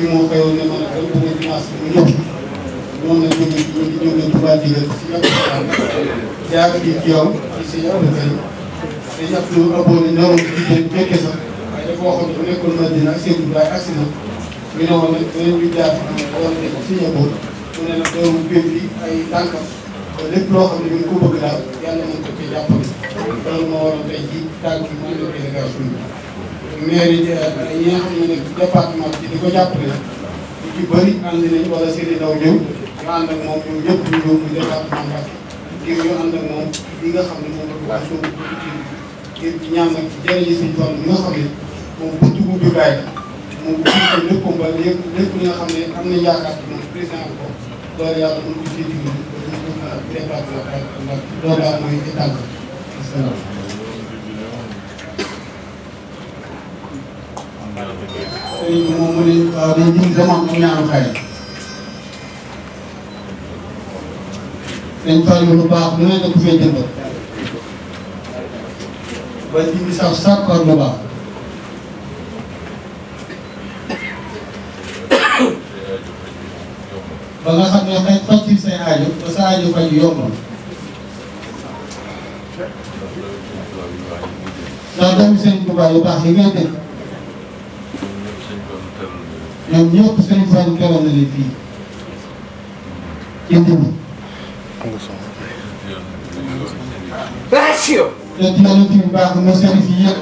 bi moo xewoon ne man ba mu dimanche bi mu ñëw moom la ñu ngi ñu la tey dañu ab lu abonné ñoroon ci fekke sax waaye dafa waxoon bu nekkoon na dina ak seen baay agsi na ñu ne woon nag dinañ ñu jaar wala def si njaboot mu ne nag doon béy bi ay tànkam ba lépp loo xam ne ñu ngi ko bëgg daal yàlla nañ ko ci jàppale loolu moo maire yi ñi nga xam ne nekk département bi di ko jàppale ñu ci bëri ànd nañ wala seen i ndaw ñëw ñu ànd ak moom ñoom ñëpp ñu ñëw ñu département Mbacké ngir ñu ànd ak moom li nga xam ne moom la ko waa soo ngir ñaan nag jërëjëf suñu tool bi nga xam ne moom bu dugub bi bàyyi moom bu dugub lépp ba lépp lépp li nga xam ne am nañ yaakaar ci moom président ko loolu yàlla mën ko siy dimbali ba ñu ko département Mbacké loolu daal mooy état bi. asalaamaaleykum. sëriñ bi moom mu ne waaw dañ ñu demande ñaanu xayma. dañ fàllu lu baax lu ne da ko fee jëndal. ba ji bi sax sàkkoor lu baax. ba nga xam ne xëy fàccil say aajo ba sa aajo faj yomb na. ndax doomi sëriñ bu baax yu baax yi ngay ñoom ñëpp sëriñ Fallou teewal na leen fii ci Ndindi. te ci yonent bi baax na sëriñ yi yëpp.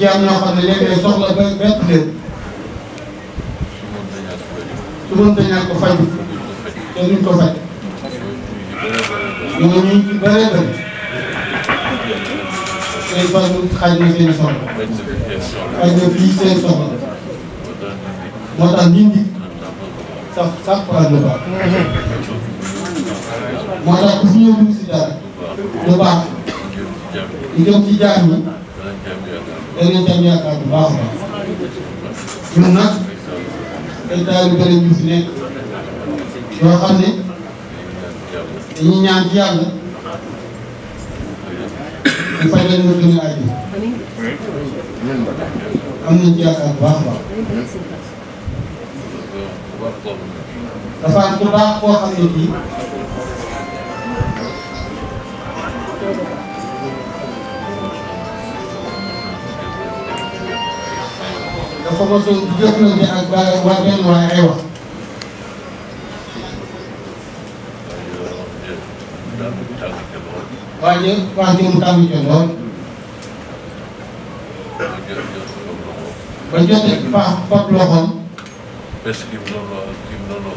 jaam ñoo xam ne léeg-léeg soxla ba bett leen. su doon dañaa ko faj. te duñ ko faj. ñooñu ñu bëree bëri. day fajul xaj na seen soxla. xaj na fii seen soxla. moo tax nit ñi sax sax faral lu baax. moo tax ku fi ñëw dugg si dara lu baax ñu jëm ci jaar ñi danañ tam yaakaar bu baax a baax. ñun nag ay taal yu bëri ñu fi nekk yoo xam ne dañuy ñaan ci yàlla. ñu fay leen wër dina aaj am nañ ci yaakaar bu baax a baax. dafa am ku baax koo xam ne kii dafa mos a jëflante ak waa waa benn waa Aywa. waaye wax ji mu tàmm ci lool ba jotee fa fab loxoom pes gi mu doon wax gi mu doon wax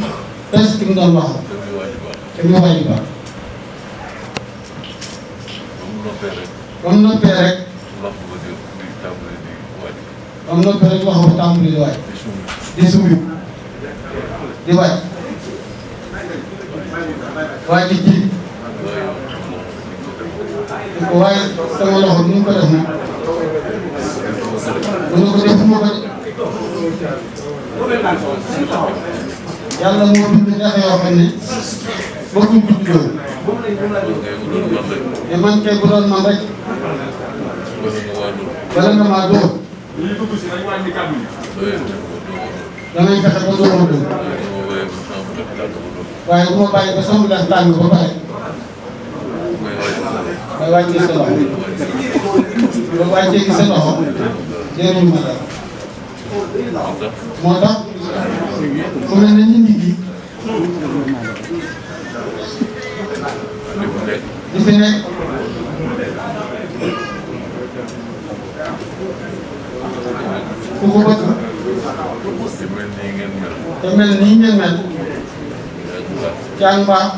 pes gi mu doon wax te muy waaj baax ba mu noppee rek ba mu noppee rek loxo ba tàmbali di waaj di sumbi di waaj waaj ji waaye sama loxo bi ñu ko def moom bu ñu ko defuma ko de yàlla moo bind ndax yoo xam ne bokkuñ bind loolu te man kay bu doon man rek bala nga maa dóor damay fexe ba dóor ma dóor waaye bu ma bàyyi ba sama def tàng ba pare mooy wàccee sa loxo loolu wàccee ci sa loxo jëriñu ma dara moo tax mu ne nañu nit yi di fi nekk ku ko bëgg te mel nii ngeen mel jàng baax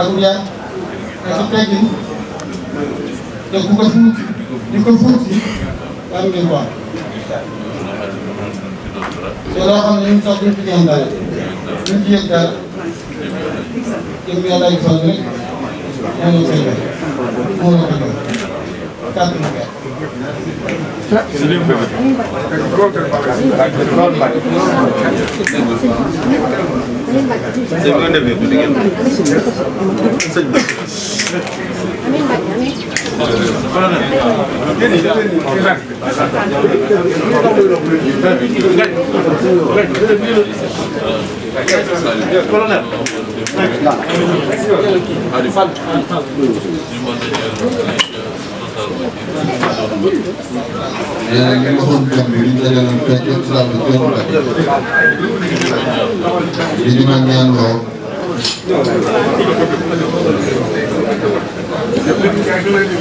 ak yar ak teggin te ku ko fuuti di ko fuuti am ngeen wax te loo xam ne ñun sax duñ ci ñaan dara duñ ci yëg dara jëm yàlla ay fan rek moo na ko sëñ bi nga demee bu yaa ngi waxoon jàmm bi ñu dajaloon fekk islam bi kenn la di ñu ma ñaan loo ñu leen di